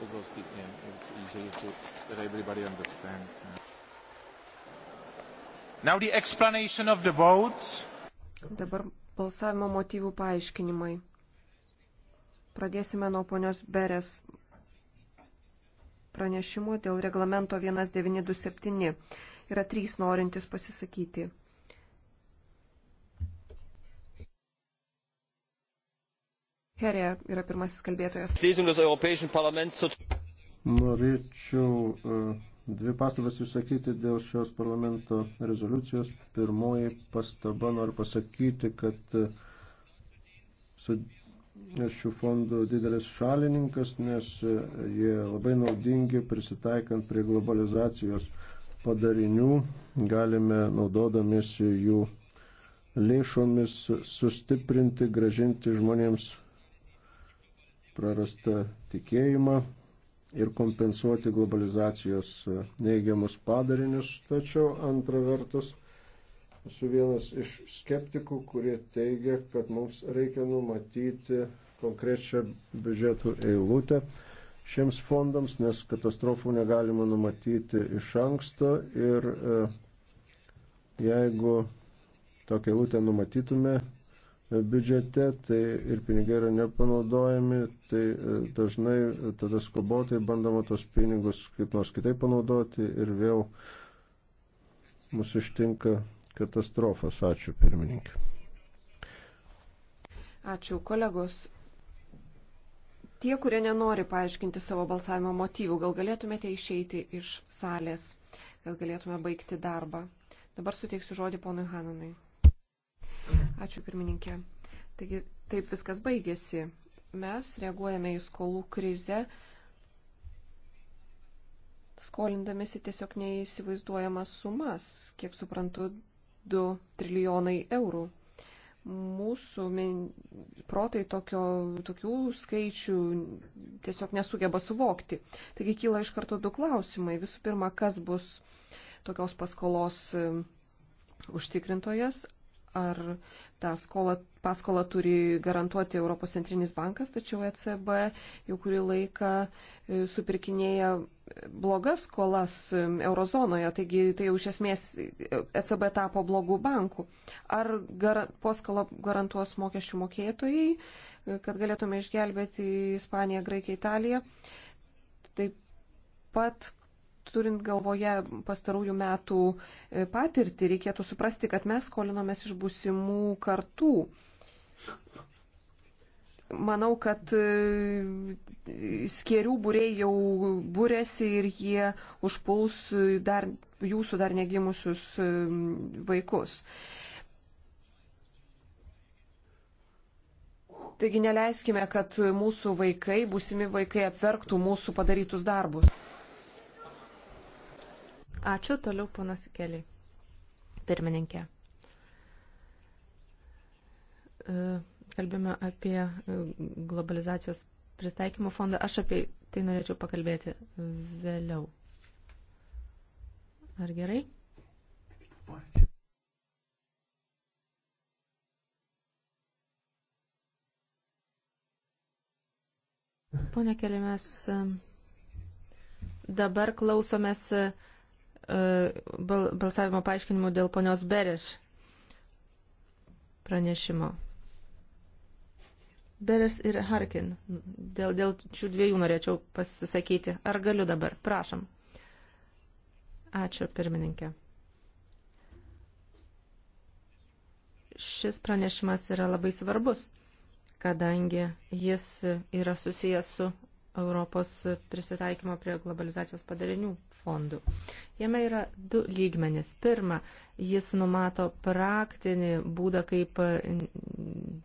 because the, it's easy to, that everybody understands. Now the explanation of the votes. Dabar balsavimo motyvų paaiškinimai. Pradėsime nuo ponios Beres pranešimo dėl reglamento 1927. Yra trys norintys pasisakyti. Herė yra pirmasis kalbėtojas. Norėčiau e, dvi pastabas išsakyti dėl šios parlamento rezoliucijos. Pirmoji pastaba noriu pasakyti, kad e, su šių fondų didelis šalininkas, nes e, jie labai naudingi prisitaikant prie globalizacijos padarinių, galime naudodamiesi jų lėšomis sustiprinti, gražinti žmonėms prarastą tikėjimą ir kompensuoti globalizacijos neigiamus padarinius. Tačiau antra vertus, esu vienas iš skeptikų, kurie teigia, kad mums reikia numatyti konkrečią biudžetų eilutę šiems fondams, nes katastrofų negalima numatyti iš anksto ir e, jeigu tokią eilutę numatytume, biudžete, tai ir pinigai yra nepanaudojami, tai e, dažnai e, tada skubotai bandoma tos pinigus kaip nors kitaip panaudoti ir vėl mūsų ištinka katastrofas. Ačiū pirmininkė. Ačiū kolegos. Tie, kurie nenori paaiškinti savo balsavimo motyvų, gal galėtumėte išeiti iš salės, gal galėtume baigti darbą. Dabar suteiksiu žodį ponui Hananui. Ačiū pirmininkė. Taigi taip viskas baigėsi. Mes reaguojame į skolų krizę, skolindamėsi tiesiog neįsivaizduojamas sumas, kiek suprantu, 2 trilijonai eurų. Mūsų protai tokio, tokių skaičių tiesiog nesugeba suvokti. Taigi kyla iš karto du klausimai. Visų pirma, kas bus tokios paskolos e, užtikrintojas, ar tą skolą, paskolą turi garantuoti Europos centrinis bankas, tačiau ECB jau kurį laiką e, supirkinėja blogas skolas e, eurozonoje, taigi tai jau iš esmės ECB e tapo blogų bankų. Ar gar, paskolą garantuos mokesčių mokėtojai, kad galėtume išgelbėti Ispaniją, Graikiją, Italiją? Taip pat turint galvoje pastarųjų metų e, patirtį, reikėtų suprasti, kad mes skolinomės iš būsimų kartų. Manau, kad e, skėrių būrėjai jau būrėsi ir jie užpuls dar, jūsų dar negimusius e, vaikus. Taigi neleiskime, kad mūsų vaikai, būsimi vaikai apverktų mūsų padarytus darbus. Ačiū toliau, ponas Keliai. Pirmininkė. E, kalbėjome apie e, globalizacijos pristaikymo fondą. Aš apie tai norėčiau pakalbėti vėliau. Ar gerai? Pone Keli, mes e, dabar klausomės E, balsavimo paaiškinimų dėl ponios Bereš pranešimo. Beres ir Harkin. Dėl, dėl šių dviejų norėčiau pasisakyti. Ar galiu dabar? Prašom. Ačiū, pirmininkė. Šis pranešimas yra labai svarbus, kadangi jis yra susijęs su Europos prisitaikymo prie globalizacijos padarinių fondų. Jame yra du lygmenis. Pirma, jis numato praktinį būdą, kaip mm,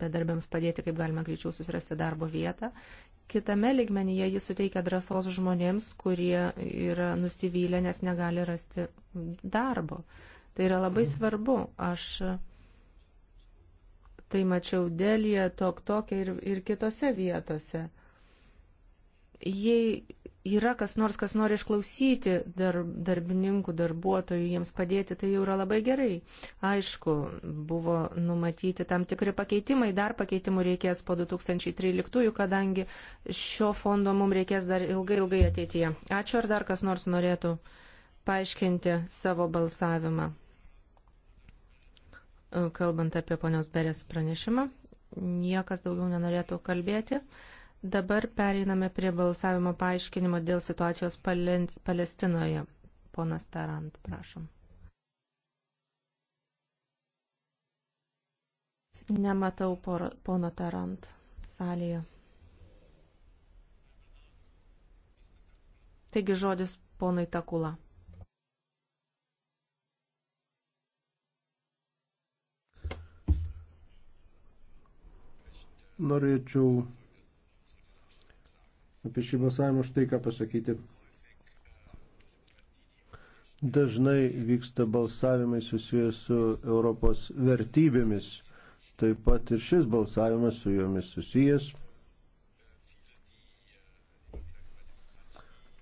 bedarbiams padėti, kaip galima greičiau susirasti darbo vietą. Kitame lygmenyje jis suteikia drąsos žmonėms, kurie yra nusivylę, nes negali rasti darbo. Tai yra labai svarbu. Aš tai mačiau dėlėje, tok tokia ir, ir kitose vietose jei yra kas nors, kas nori išklausyti dar, darbininkų, darbuotojų, jiems padėti, tai jau yra labai gerai. Aišku, buvo numatyti tam tikri pakeitimai, dar pakeitimų reikės po 2013, kadangi šio fondo mums reikės dar ilgai, ilgai ateityje. Ačiū, ar dar kas nors norėtų paaiškinti savo balsavimą. Kalbant apie ponios Berės pranešimą, niekas daugiau nenorėtų kalbėti. Dabar pereiname prie balsavimo paaiškinimo dėl situacijos Palestinoje. Ponas Tarant, prašom. Nematau poro, pono Tarant salėje. Taigi žodis ponui Takula. Norėčiau apie šį balsavimą štai ką pasakyti. Dažnai vyksta balsavimai susijęs su Europos vertybėmis. Taip pat ir šis balsavimas su jomis susijęs.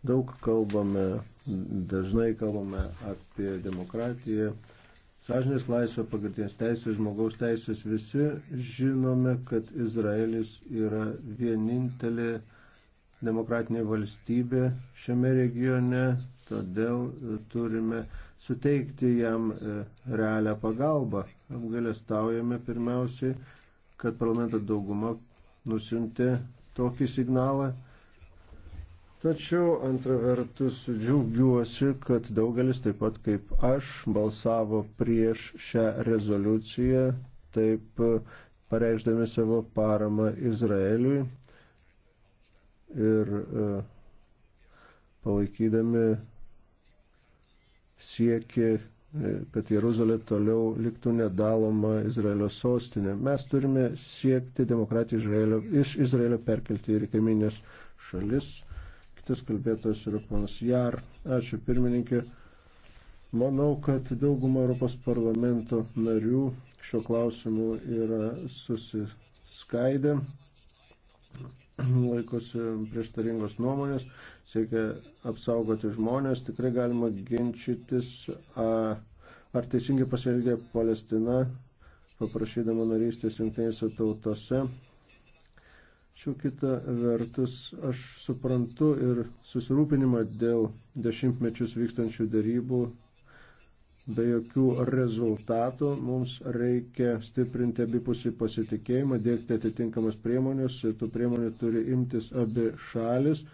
Daug kalbame, dažnai kalbame apie demokratiją, sąžinės laisvę, pagrindinės teisės, žmogaus teisės. Visi žinome, kad Izraelis yra vienintelė demokratinė valstybė šiame regione, todėl e, turime suteikti jam e, realią pagalbą. Apgalėstaujame pirmiausiai, kad parlamento dauguma nusintė tokį signalą. Tačiau antra vertus džiaugiuosi, kad daugelis taip pat kaip aš balsavo prieš šią rezoliuciją, taip e, pareišdami savo paramą Izraeliui ir e, palaikydami siekį, e, kad Jeruzalė toliau liktų nedaloma Izraelio sostinė. Mes turime siekti demokratiją Izraelio, iš Izraelio perkelti ir kaiminės šalis. Kitas kalbėtojas yra panas Jar. Ačiū pirmininkė. Manau, kad dauguma Europos parlamento narių šiuo klausimu yra susiskaidę laikosi prieštaringos nuomonės, siekia apsaugoti žmonės, tikrai galima ginčytis, ar teisingai pasielgė Palestina, paprašydama narystės jungtinėse tautose. Šiuo kita vertus, aš suprantu ir susirūpinimą dėl dešimtmečius vykstančių darybų be jokių rezultatų. Mums reikia stiprinti abipusį pasitikėjimą, dėkti atitinkamas priemonės ir tų priemonių turi imtis abi šalis.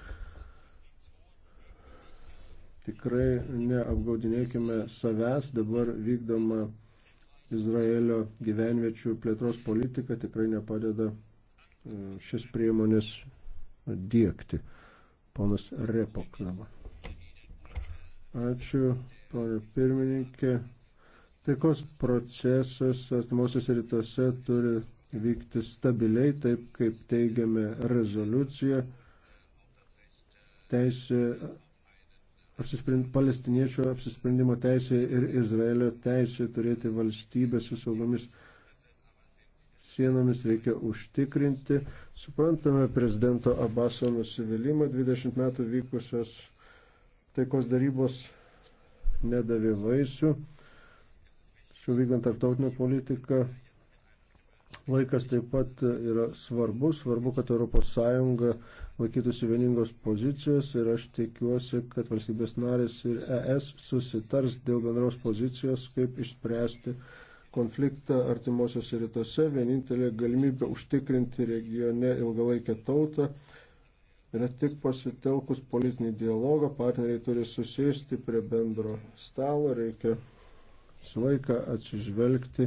Tikrai neapgaudinėkime savęs, dabar vykdoma Izraelio gyvenviečių plėtros politika tikrai nepadeda e, šis priemonės dėkti. Ponas Repok dabar. Ačiū ponė pirmininkė. Taikos procesas artimuosiuose rytuose turi vykti stabiliai, taip kaip teigiame rezoliuciją. Teisė, apsisprind, palestiniečių apsisprendimo teisė ir Izraelio teisė turėti valstybę su saugomis sienomis reikia užtikrinti. Suprantame prezidento Abaso nusivylimą 20 metų vykusios taikos darybos nedavė vaisių. Šiuo vykdant tarptautinę politiką laikas taip pat yra svarbus. Svarbu, kad ES laikytųsi vieningos pozicijos ir aš tikiuosi, kad valstybės narės ir ES susitars dėl bendros pozicijos, kaip išspręsti konfliktą artimuosiuose rytuose. Vienintelė galimybė užtikrinti regione ilgalaikę tautą yra tik pasitelkus politinį dialogą, partneriai turi susėsti prie bendro stalo, reikia visą laiką atsižvelgti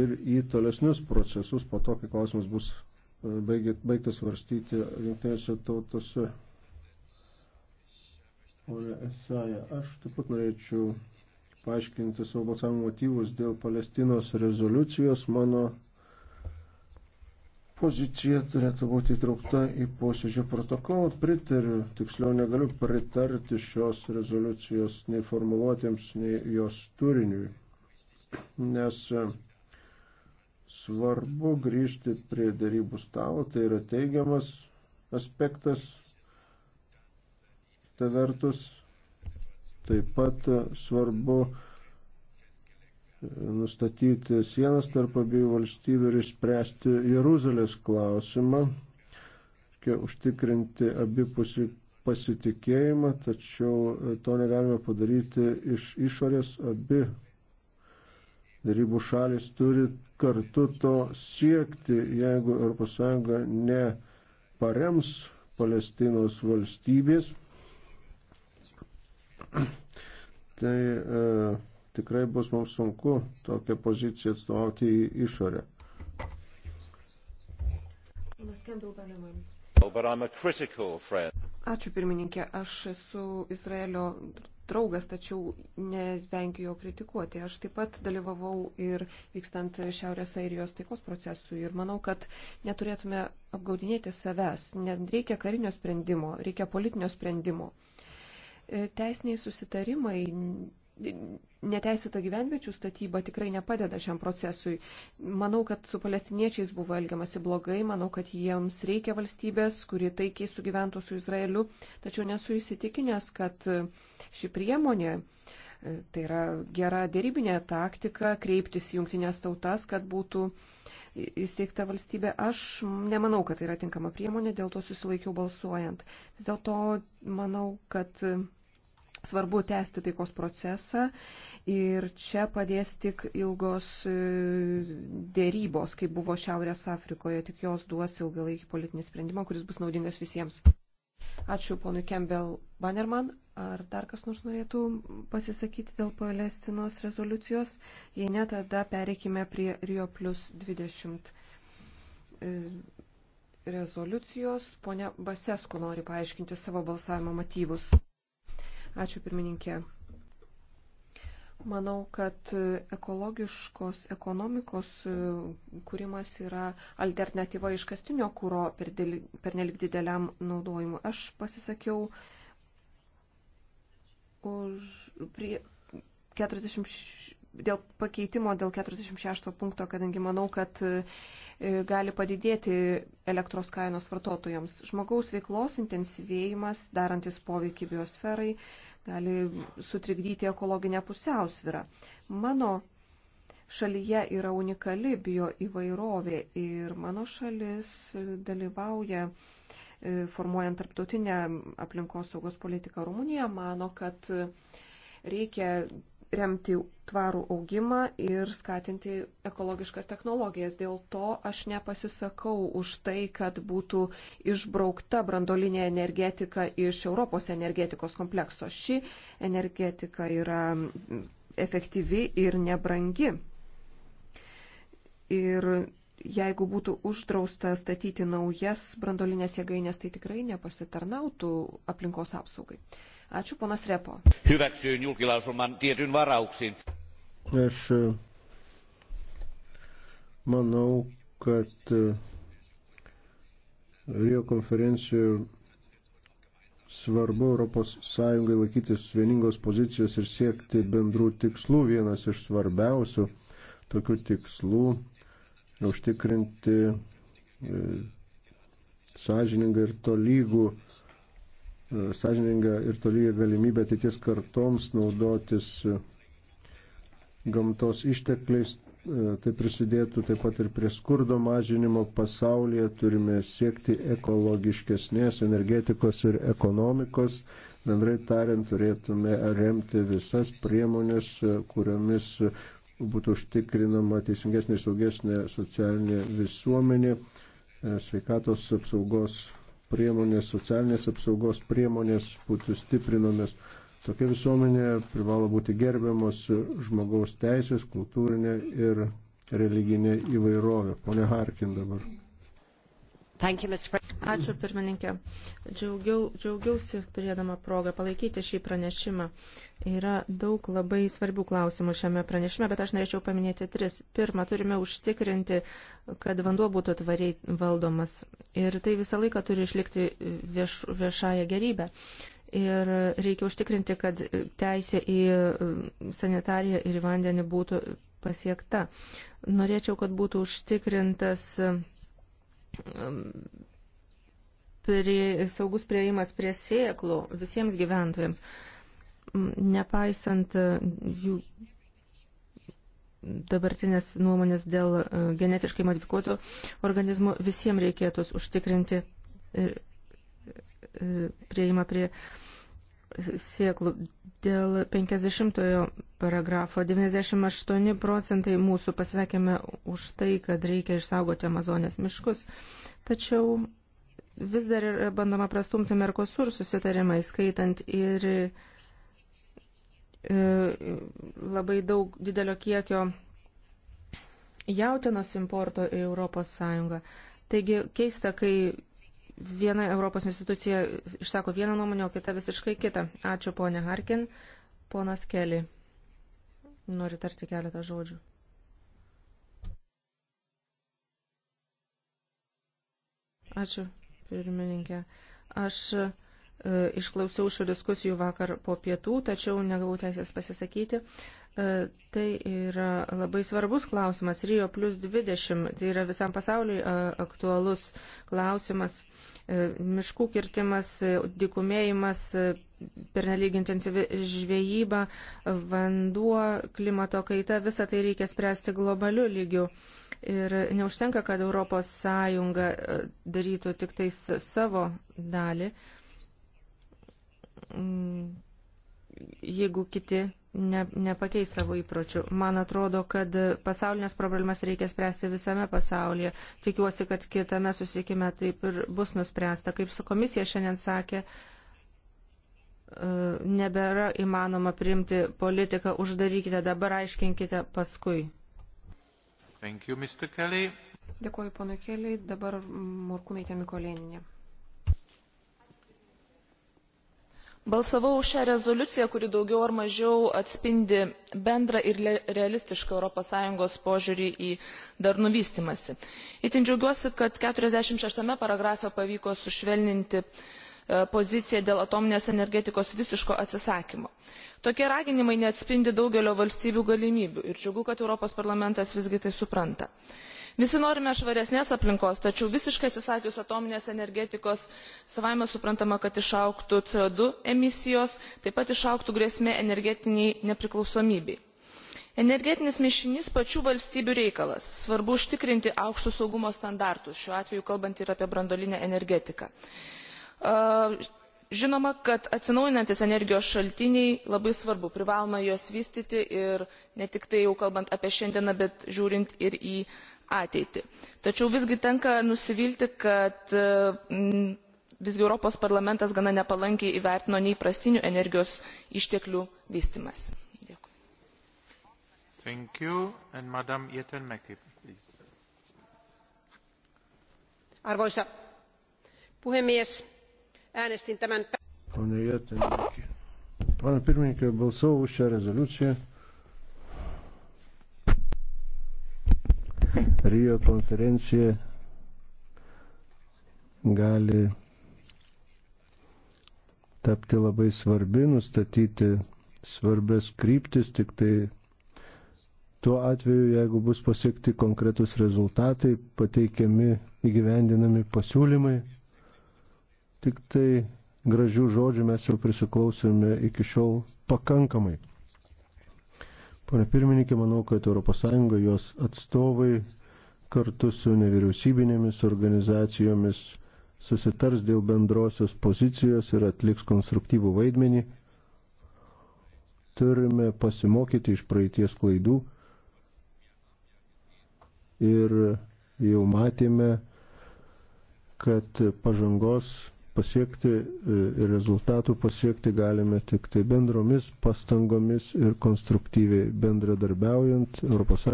ir į tolesnius procesus po to, kai klausimas bus e, baigtas svarstyti jungtinėse tautose. Ore Esaja, aš taip pat norėčiau paaiškinti savo balsavimo motyvus dėl Palestinos rezoliucijos. Mano pozicija turėtų būti įtraukta į posėdžio protokolą. Pritariu, tiksliau negaliu pritarti šios rezoliucijos nei formuluotėms, nei jos turiniui, nes e, svarbu grįžti prie darybų stalo, tai yra teigiamas aspektas. Ta vertus, taip pat e, svarbu nustatyti sienas tarp abiejų valstybių ir išspręsti Jeruzalės klausimą, reikia užtikrinti abipusį pasitikėjimą, tačiau to negalime padaryti iš išorės. Abi darybų šalis turi kartu to siekti, jeigu ES neparems Palestinos valstybės. Tai e, tikrai bus mums sunku tokią poziciją atstovauti į išorę. Ačiū pirmininkė, aš esu Izraelio draugas, tačiau nevengiu jo kritikuoti. Aš taip pat dalyvavau ir vykstant Šiaurės Airijos taikos procesui ir manau, kad neturėtume apgaudinėti savęs. Nereikia karinio sprendimo, reikia politinio sprendimo. E, teisiniai susitarimai neteisėta gyvenviečių statyba tikrai nepadeda šiam procesui. Manau, kad su palestiniečiais buvo elgiamasi blogai, manau, kad jiems reikia valstybės, kuri taikiai sugyventų su Izraeliu, tačiau nesu įsitikinęs, kad ši priemonė, tai yra gera dėrybinė taktika, kreiptis į jungtinės tautas, kad būtų įsteigta valstybė. Aš nemanau, kad tai yra tinkama priemonė, dėl to susilaikiau balsuojant. Vis dėlto manau, kad Svarbu tęsti taikos procesą ir čia padės tik ilgos e, dėrybos, kaip buvo Šiaurės Afrikoje, tik jos duos ilgalaikį politinį sprendimą, kuris bus naudingas visiems. Ačiū ponui Campbell Bannerman. Ar dar kas nors norėtų pasisakyti dėl Palestinos rezoliucijos? Jei ne, tada pereikime prie Rio plus 20 e, rezoliucijos. Pone Basesku nori paaiškinti savo balsavimo motyvus. Ačiū pirmininkė. Manau, kad ekologiškos ekonomikos e, kūrimas yra alternatyva iškastinio kūro per, dėl, per nelik dideliam naudojimui. Aš pasisakiau už, prie 40, dėl pakeitimo dėl 46 punkto, kadangi manau, kad E, gali padidėti elektros kainos vartotojams. Žmogaus veiklos intensyvėjimas, darantis poveikį biosferai, gali sutrikdyti ekologinę pusiausvyrą. Mano šalyje yra unikali bioįvairovė ir mano šalis dalyvauja e, formuojant tarptautinę aplinkosaugos politiką. Rumunija mano, kad reikia remti tvarų augimą ir skatinti ekologiškas technologijas. Dėl to aš nepasisakau už tai, kad būtų išbraukta brandolinė energetika iš Europos energetikos komplekso. Ši energetika yra efektyvi ir nebrangi. Ir jeigu būtų uždrausta statyti naujas brandolinės jėgainės, tai tikrai nepasitarnautų aplinkos apsaugai. Uh, Ačiū, ponas Repo. Hyväksyin julkilausuman tietyn varauksin. Aš e, manau, kad e, Rio konferencijoje svarbu ES laikytis vieningos pozicijos ir siekti bendrų tikslų. Vienas iš svarbiausių tokių tikslų - užtikrinti e, sąžiningą ir tolygų sąžininga ir tolygia galimybė ateities kartoms naudotis e, gamtos ištekliais. E, tai prisidėtų taip pat ir prie skurdo mažinimo pasaulyje. Turime siekti ekologiškesnės energetikos ir ekonomikos. Bendrai tariant, turėtume remti visas priemonės, e, kuriomis būtų užtikrinama teisingesnė ir saugesnė socialinė visuomenė, sveikatos apsaugos priemonės, socialinės apsaugos priemonės būtų stiprinomis. Tokia visuomenė privalo būti gerbiamos žmogaus teisės, kultūrinė ir religinė įvairovė. Pone Harkin dabar. Thank you, Mr. Ačiū pirmininkė. Džiaugiau, džiaugiausi turėdama progą palaikyti šį pranešimą. Yra daug labai svarbių klausimų šiame pranešime, bet aš norėčiau paminėti tris. Pirma, turime užtikrinti, kad vanduo būtų tvariai valdomas. Ir tai visą laiką turi išlikti vieš, viešąją gerybę. Ir reikia užtikrinti, kad teisė į um, sanitariją ir į vandenį būtų pasiekta. Norėčiau, kad būtų užtikrintas um, prie, saugus prieimas prie sėklų visiems gyventojams, nepaisant e, jų dabartinės nuomonės dėl e, genetiškai modifikuotų organizmų, visiems reikėtų užtikrinti e, prieimą prie sėklų. Dėl 50 paragrafo 98 procentai mūsų pasakėme už tai, kad reikia išsaugoti Amazonės miškus. Tačiau vis dar bandoma prastumti Merkosur susitarimai, skaitant ir e, labai daug didelio kiekio jautienos importo į Europos Sąjungą. Taigi keista, kai viena Europos institucija išsako vieną nuomonę, o kita visiškai kitą. Ačiū ponė Harkin. Ponas Keli, noriu tarti keletą žodžių. Ačiū pirmininkė. Aš e, išklausiau šių diskusijų vakar po pietų, tačiau negavau teisės pasisakyti. E, tai yra labai svarbus klausimas. Rio plus 20 tai yra visam pasauliui e, aktualus klausimas. E, miškų kirtimas, e, dikumėjimas, e, pernelyg intensyvi žvejyba, vanduo, klimato kaita, visą tai reikia spręsti globaliu lygiu. E, Ir neužtenka, kad ES e, darytų tik tais savo dalį, mm, jeigu kiti ne, nepakeis savo įpročių. Man atrodo, kad pasaulinės problemas reikia spręsti visame pasaulyje. Tikiuosi, kad kitame susikime taip ir bus nuspręsta. Kaip su komisija šiandien sakė, e, nebėra įmanoma priimti politiką, uždarykite dabar, aiškinkite paskui. Thank you, Mr. Kelly. Dėkuoju, ponui Keliai. Dabar Morkūnai Temikolėninė. balsavau už šią rezoliuciją kuri daugiau ar mažiau atspindi bendrą ir realistišką europos sąjungos požiūrį į darnų vystymąsi. itin džiaugiuosi kad keturiasdešimt šeši paragrafe pavyko sušvelninti E, poziciją dėl atominės energetikos visiško atsisakymo. tokie raginimai neatspindi daugelio valstybių galimybių ir džiugu kad europos parlamentas visgi tai supranta. visi norime švaresnės aplinkos tačiau visiškai atsisakius atominės energetikos savaime suprantama kad išaugtų co du emisijos taip pat išaugtų grėsmė energetinei nepriklausomybei energetinis mišinys pačių valstybių reikalas svarbu užtikrinti aukštus saugumo standartus šiuo atveju kalbant ir apie branduolinę energetiką. Ehm, žinoma kad atsinaujinantys energijos šaltiniai labai svarbu privaloma juos vystyti ir ne tik tai jau kalbant apie šiandieną bet žiūrint ir į ateitį. tačiau visgi tenka nusivilti kad mm, visgi europos parlamentas gana nepalankiai įvertino neįprastinių energijos išteklių vystymąsi. arvoisa puhemies Äänestin tämän... Pane Jättenmäki. Pane pirmininkė, balsavau už šią rezoliuciją. Rio konferencija gali tapti labai svarbi, nustatyti svarbės kryptis, tik tai tuo atveju, jeigu bus pasiekti konkretus rezultatai, pateikiami įgyvendinami pasiūlymai, Tik tai gražių žodžių mes jau prisiklausėme iki šiol pakankamai. Pone pirmininkė, manau, kad ES jos atstovai kartu su nevyriausybinėmis organizacijomis susitars dėl bendrosios pozicijos ir atliks konstruktyvų vaidmenį. Turime pasimokyti iš praeities klaidų ir jau matėme, kad pažangos pasiekti ir e, rezultatų pasiekti galime tik tai bendromis pastangomis ir konstruktyviai bendradarbiaujant ES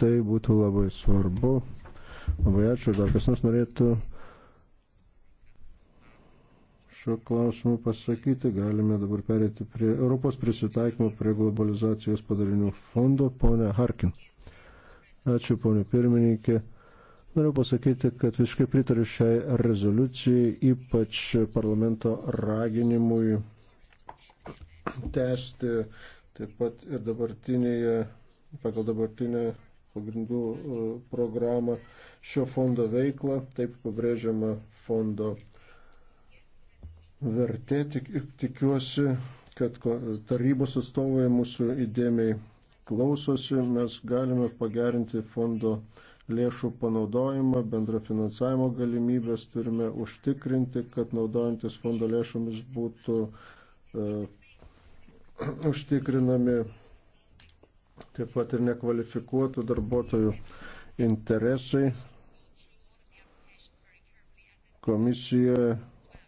tai būtų labai svarbu. Labai ačiū, dar kas nors norėtų šiuo klausimu pasakyti, galime dabar perėti prie Europos prisitaikymo prie globalizacijos padarinių fondo, ponė Harkin. Ačiū, ponė pirmininkė. Noriu pasakyti, kad visiškai pritariu šiai rezoliucijai, ypač parlamento raginimui tęsti taip pat ir dabartinėje, pagal dabartinę pagrindų e, programą šio fondo veiklą, taip pabrėžiama fondo vertė. Tik, tikiuosi, kad tarybos atstovai mūsų įdėmiai klausosi, mes galime pagerinti fondo vertę lėšų panaudojimą, bendra finansavimo galimybės turime užtikrinti, kad naudojantis fondo lėšomis būtų uh, užtikrinami taip pat ir nekvalifikuotų darbuotojų interesai. Komisija,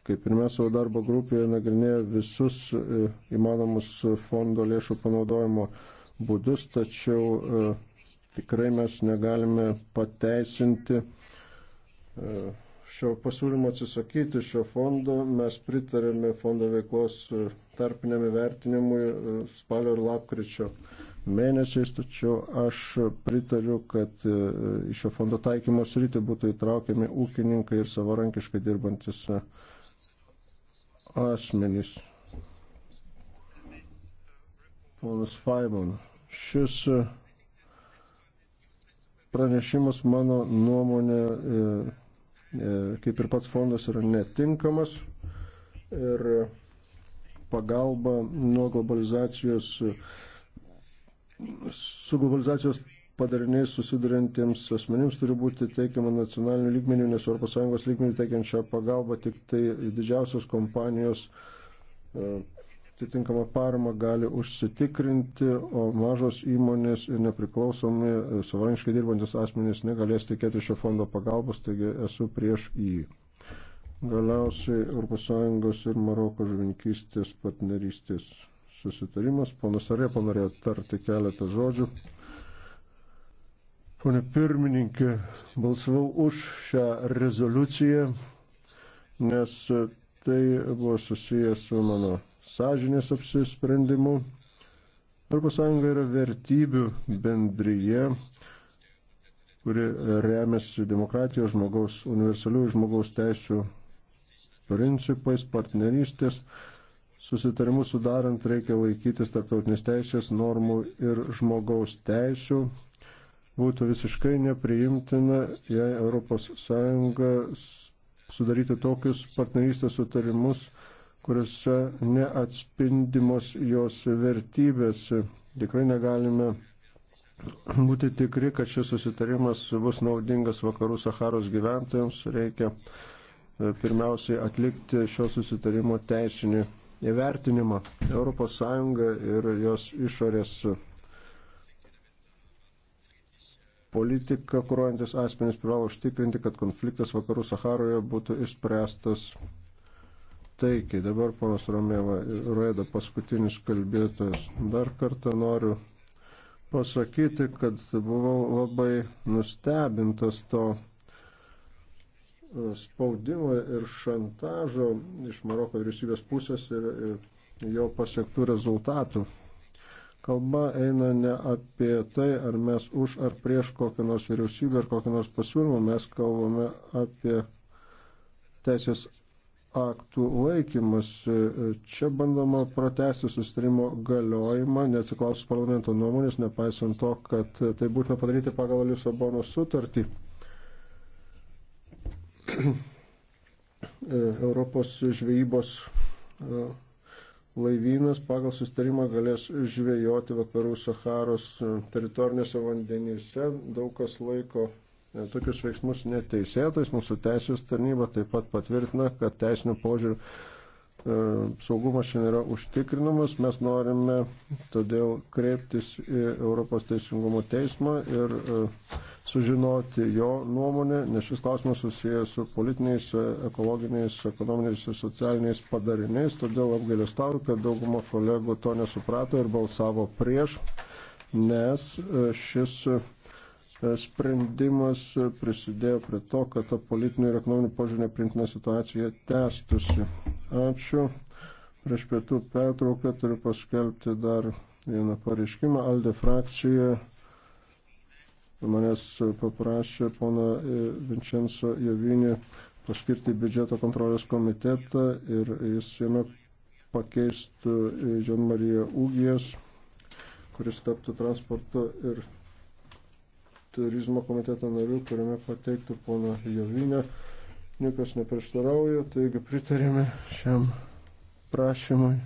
kaip ir mes savo darbo grupėje, nagrinėjo visus e, įmanomus fondo lėšų panaudojimo būdus, tačiau uh, Tikrai mes negalime pateisinti e, šio pasiūlymo atsisakyti šio fondo. Mes pritarėme fondo veiklos e, tarpiniam įvertinimui e, spalio ir lapkričio mėnesiais, tačiau aš pritariu, kad iš šio fondo taikymo sritį būtų įtraukiami ūkininkai ir savarankiškai dirbantis asmenys. Ponas Faimon, šis pranešimas mano nuomonė, e, e, kaip ir pats fondas, yra netinkamas ir pagalba nuo globalizacijos, su globalizacijos padariniais susidurintiems asmenims turi būti teikiama nacionaliniu lygmeniu, nes Europos Sąjungos lygmeniu teikiančią pagalbą tik tai didžiausios kompanijos e, atitinkamą paramą gali užsitikrinti, o mažos įmonės ir nepriklausomi e, savarankiškai dirbantis asmenys negalės tikėti šio fondo pagalbos, taigi esu prieš jį. Galiausiai ES ir Maroko žvinkystės partnerystės susitarimas. Ponas Arė panorėjo tarti keletą žodžių. Pone pirmininkė, balsavau už šią rezoliuciją, nes tai buvo susijęs su mano sąžinės apsisprendimu. ES yra vertybių bendryje, kuri remiasi demokratijos žmogaus, universalių žmogaus teisų principais, partnerystės. Susitarimus sudarant reikia laikytis tarptautinės teisės normų ir žmogaus teisų. Būtų visiškai nepriimtina, jei ES sudaryti tokius partnerystės sutarimus, kuriuose neatspindimos jos vertybės. Tikrai negalime būti tikri, kad šis susitarimas bus naudingas vakarų Saharos gyventojams. Reikia e, pirmiausiai atlikti šio susitarimo teisinį įvertinimą. ES ir jos išorės politika, kuruojantis asmenys privalo užtikrinti, kad konfliktas vakarų Saharoje būtų išspręstas taikiai. Dabar ponas Romėva Rueda paskutinis kalbėtojas. Dar kartą noriu pasakyti, kad buvau labai nustebintas to spaudimo ir šantažo iš Maroko vyriausybės pusės ir, ir jo pasiektų rezultatų. Kalba eina ne apie tai, ar mes už ar prieš kokią nors vyriausybę ar kokią nors pasiūlymą, mes kalbame apie teisės aktų laikymas. Čia bandoma pratesti sustarimo galiojimą, neatsiklausus parlamento nuomonės, nepaisant to, kad tai būtina padaryti pagal Lisabono sutartį. Europos žvejybos e, laivynas pagal sustarimą galės žvejoti vakarų Saharos e, teritorinėse vandenyse. Daug kas laiko E, tokius veiksmus neteisėtais. Mūsų teisės tarnyba taip pat patvirtina, kad teisinių požiūrių e, saugumas šiandien yra užtikrinamas, mes norime todėl kreiptis į Europos teisingumo teismą ir e, sužinoti jo nuomonę, nes šis klausimas susijęs su politiniais, ekologiniais, ekonominiais ir socialiniais padariniais, todėl apgailestauju, kad dauguma kolegų to nesuprato ir balsavo prieš, nes šis E, sprendimas prisidėjo prie to, kad ta politinė ir ekonominė požiūrė neprintina situacija tęstusi. Ačiū. Prieš pietų pertrauką turiu paskelbti dar vieną pareiškimą. Alde frakcijoje manęs paprašė pono e, Vincenzo Jovinį paskirti biudžeto kontrolės komitetą ir jis jame pakeistų Jean Mariją Ūgijas, kuris taptų transporto ir turizmo komiteto narių, kuriame pateiktų pono Jovinio. Niekas neprieštarauja, taigi pritarėme šiam prašymui.